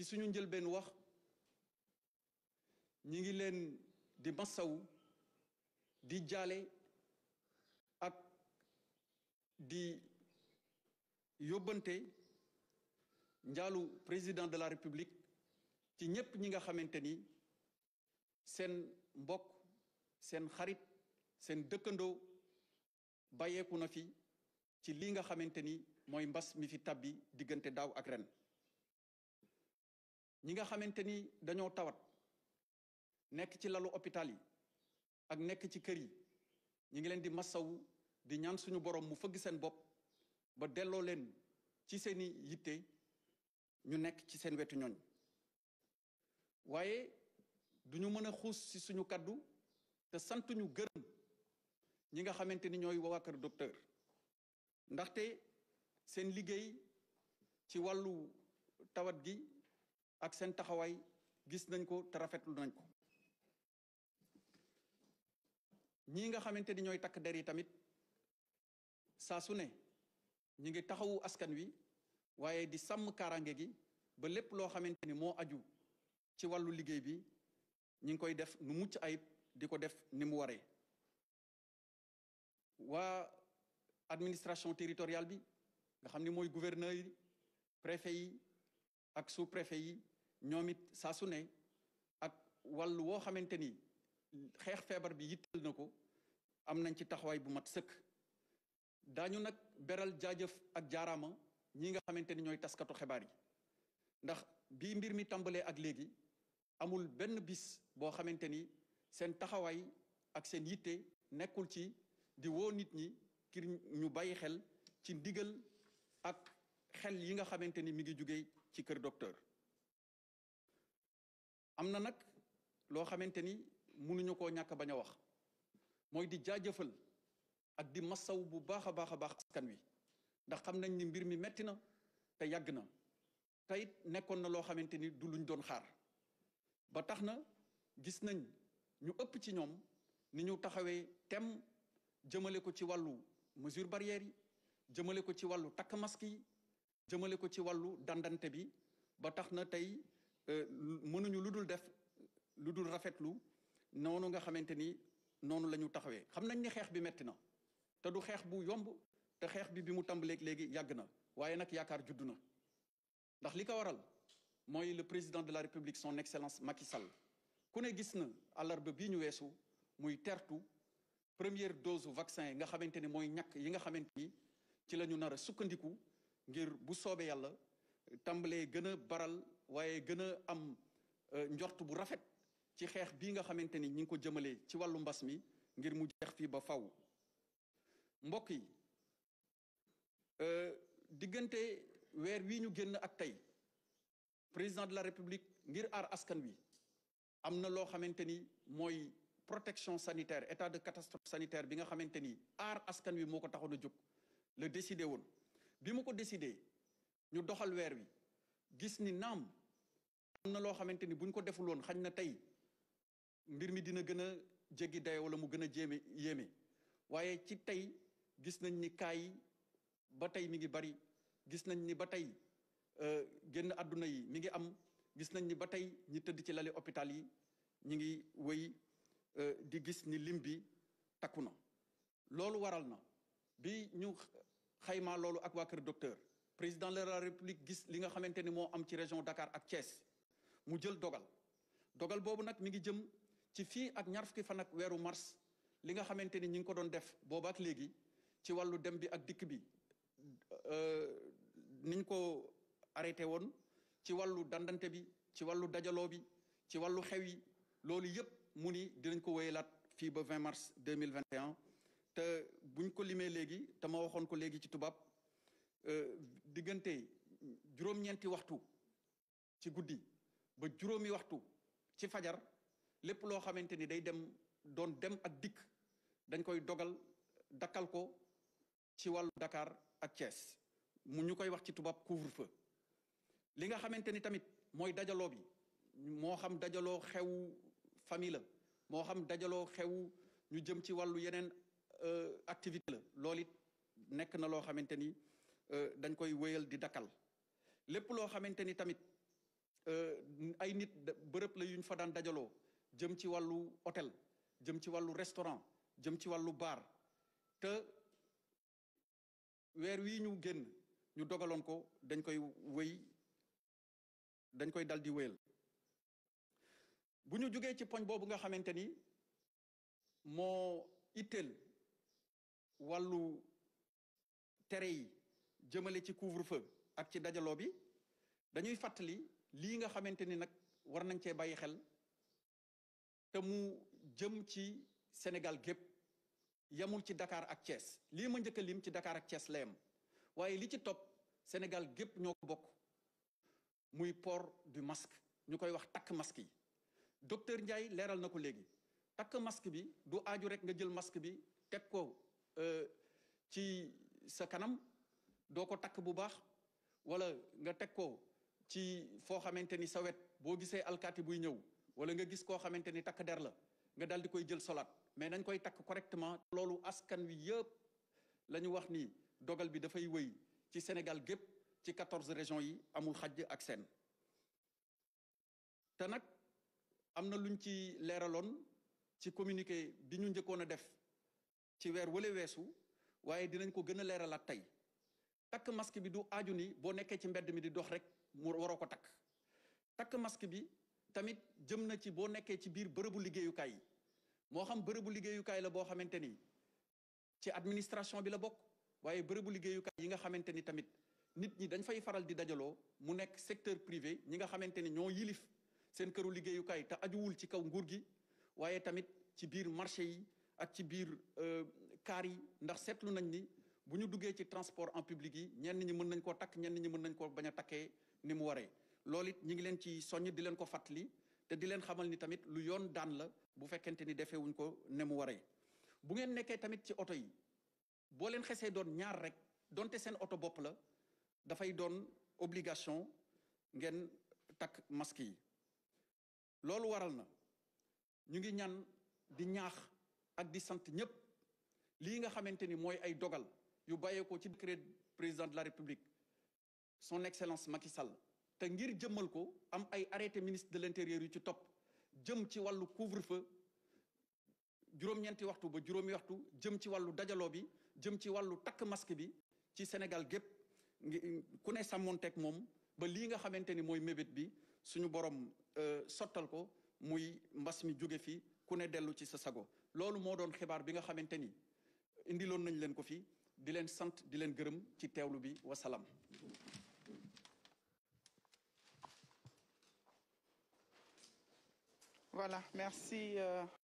ci suñu njëlbeen wax ñi ngi leen di masawu di jaale ak di yóbbante njaalu président de la république ci ñépp ñi nga xamante ni seen mbokk seen xarit seen dëkkandoo bàyyeeku na fi ci li nga xamante ni mooy mbas mi fi tàbbi diggante daaw ak ren ñi nga xamante ni dañoo tawat nekk ci lalu hôpital yi ak nekk ci kër yi ñi ngi leen di massawu di ñaan suñu borom mu fëgg seen bopp ba delloo leen ci seeni yitte ñu nekk ci seen wetu ñooñ waaye duñu mën a xuus ci suñu kàddu te santuñu gërëm ñi nga xamante ni ñooy waa kër docteur ndaxte seen liggéey ci wàllu tawat gi ak seen taxawaay gis nañ ko te rafetlu nañ ko ñi nga xamante ni ñooy takk der yi tamit saa su ne ñi ngi taxawu askan wi waaye di sàmm kaaraange gi ba lépp loo xamante ni moo aju ci wàllu liggéey bi ñi ngi koy def nu mucc ayib di ko def ni mu waree waa administration territoriale bi nga xam ni mooy gouverneur yi préfet yi ak sous-préfet yi ñoom it saa ne ak wàllu woo xamante ni xeex feebar bi yitteel na ko am nañ ci taxawaay bu mat sëkk daañu nag beral jaajëf ak jaaraama ñi nga xamante ni ñooy taskatu xibaar yi ndax bi mbir mi tàmbalee ak léegi amul benn bis boo xamante ni seen taxawaay ak seen yitte nekkul ci di woo nit ñi kir ñu bàyyi xel ci ndigal ak xel yi nga xamante ni mi ngi jugee ci kër docteur am na nag loo xamante ni mënuñu koo ñàkk bañ a wax mooy di jaajëfal ak di masaw bu baax a baax a baax askan wi ndax xam nañ ni mbir mi metti na te yàgg na te nekkoon na loo xamante ni du luñ doon xaar ba tax na gis nañ ñu ëpp ci ñoom ni ñu taxawee tem jëmale ko ci wàllu mesure barrière yi jëmale ko ci wàllu takk masque yi jëmale ko ci wàllu dàndante bi ba tax na tey Euh, mënuñu lu dul def lu dul rafetlu noonu nga xamante ni noonu la ñu taxawee xam nañ ni xeex bi metti na te du xeex bu yomb te xeex bi bi mu tàmbaleeg léegi yàgg na waaye nag yaakaar juddu na ndax li ko waral mooy le président de la république son excellence Macky Sall ku ne gis na àllarba bi ñu weesu muy tertu première dose vaccin yi nga xamante ni mooy ñàkk yi nga xamante ni ci la ñu nar a sukkandiku ngir bu soobee yàlla tàmbalee gën a baral waaye gën a am euh, njort bu rafet ci xeex bii nga xamante ni ñi ngi ko jëmalee ci wàllu mbas mi ngir mu jeex fii ba faw mbokk yi euh, diggante weer wii ñu génn ak tey président de la république ngir aar askan wi am na loo xamante ni mooy protection sanitaire état de catastrophe sanitaire bi nga xamante ni aar askan wi moo ko taxoon a jóg la décidé woon bi mu ko décidé ñu doxal weer wi gis ni naam am na loo xamante ni buñ ko defuloon xañ na tey mbir mi dina gën a jéggi dayo wala mu gën a jéeme yéeme waaye ci tey gis nañ ni kaa yi ba tey mi ngi bari gis nañ ni ba tey euh, génn àdduna yi mi ngi am gis nañ ni ba tey ñi tëdd ci lali hôpital yi ñi ngi wéy euh, di gis ni lim bi takku na loolu waral na bi ñu xaymaa loolu ak waa kër docteur président de la république gis li nga xamante ni moo am ci région Dakar ak Thiès mu jël dogal dogal boobu nag mi ngi jëm ci fii ak ñaar fukki fan weeru mars li nga xamante ni ñu ngi ko doon def booba ak léegi ci wàllu dem bi ak dikk bi euh, niñ ko arrêté woon ci wàllu dandante bi ci wàllu dajaloo bi ci wàllu xew yi loolu yëpp mu ni dinañ ko laat fii ba 20 mars 2021 te buñ ko limee léegi te ma waxoon ko léegi ci tubaab Euh, diggante juróom-ñeenti waxtu ci guddi ba juróomi waxtu ci fajar lépp loo xamante ni day dem doon dem ak dikk dañ koy dogal dakkal ko ci wàllu dakaar ak Thiès mu ñu koy wax ci tubaab couvre-feu li nga xamante ni tamit mooy dajaloo bi moo xam dajaloo xew famille la moo xam dajaloo xew ñu jëm ci wàllu yeneen euh, activité la loolu it nekk na loo xamante ni Euh, dañ koy wéyal di dakkal lépp loo xamante ni tamit euh, ay nit bërëb la yuñ fa daan dajaloo jëm ci wàllu hôtel jëm ci wàllu restaurant jëm ci wàllu baar te weer wii ñu génn ñu dogaloon ko dañ koy wéy dañ koy dal di wéyal bu ñu jógee ci poñ boobu nga xamante ni moo itteel wàllu tere yi jëmale ci couvre-feu ak ci dajaloo bi dañuy fàttali lii nga xamante ni nag war nañ cee bàyyi xel te mu jëm ci Sénégal gépp yamul ci dakaar ak Thiès lii ma njëkk lim ci dakaar ak Thiès la waaye li ci topp Sénégal gépp ñoo ko bokk muy port du mask ñu koy wax takk masque yi docteur Ndiaye leeral na ko léegi takk masque bi du aaju rek nga jël masque bi teg ko euh, ci sa kanam doo ko takk bu baax wala nga teg ko ci foo xamante ni sawet boo gisee alkaati buy ñëw wala nga gis koo xamante ni takk der la nga dal di koy jël solaat mais nañ koy takk correctement loolu askan wi yëpp lañu wax ni dogal bi dafay wëy ci Sénégal gépp ci quatorze régions yi amul xaj ak seen te nag am na luñ ci leeraloon ci communiqué bi ñu njëkkoon a def ci weer wala weesu waaye dinañ ko gën a leeralaat tey takk masque bi du aju ni boo nekkee ci mbedd mi di dox rek mu waroo ko takk takk masque bi tamit jëm na ci boo nekkee ci biir bërëbu liggéeyukaay yi moo xam bërëbu liggéeyukaay la boo xamante ni ci administration bi la bokk waaye bërëbu liggéeyukaay yi nga xamante ni tamit nit ñi dañ fay faral di dajaloo mu nekk secteur privé ñi nga xamante ni ñoo yilif seen këru liggéeyukaay te ajuwul ci kaw nguur gi waaye tamit ci biir marché yi ak ci biir euh, kaar yi ndax seetlu nañ ni bu ñu duggee ci transport en public yi ñenn ñi mën nañ koo takk ñenn ñi mën nañ koo bañ a takkee ni mu waree loolu it ñu ngi leen ci soññ di leen ko fàttali te di leen xamal ni tamit lu yoon daan la bu fekkente ni defee wuñ ko ne mu waree bu ngeen nekkee tamit ci oto yi boo leen xesee doon ñaar rek donte seen oto bopp la dafay doon obligation ngeen takk masque yi loolu waral na ñu ngi ñaan di ñaax ak di sant ñépp lii nga xamante ni mooy ay dogal yu bàyyeekoo ci décret président de la république son excellence Macky Sall te ngir jëmmal ko am ay arrêté ministre de l'intérieur yu ci topp jëm ci wàllu couvre-feu juróom-ñeenti waxtu ba juróomi waxtu jëm ci wàllu dajaloo bi jëm ci wàllu takk masque bi ci Sénégal gépp ku ne sàmmonteeg moom ba lii nga xamante ni mooy mébét bi suñu borom euh, sottal ko muy mbas mi jóge fi ku ne dellu ci sa sago loolu moo doon xibaar bi nga xamante ni indiloon nañ leen ko fii di leen sant di leen gërëm ci teewlu bi wasalaam. Voilà, merci. Euh...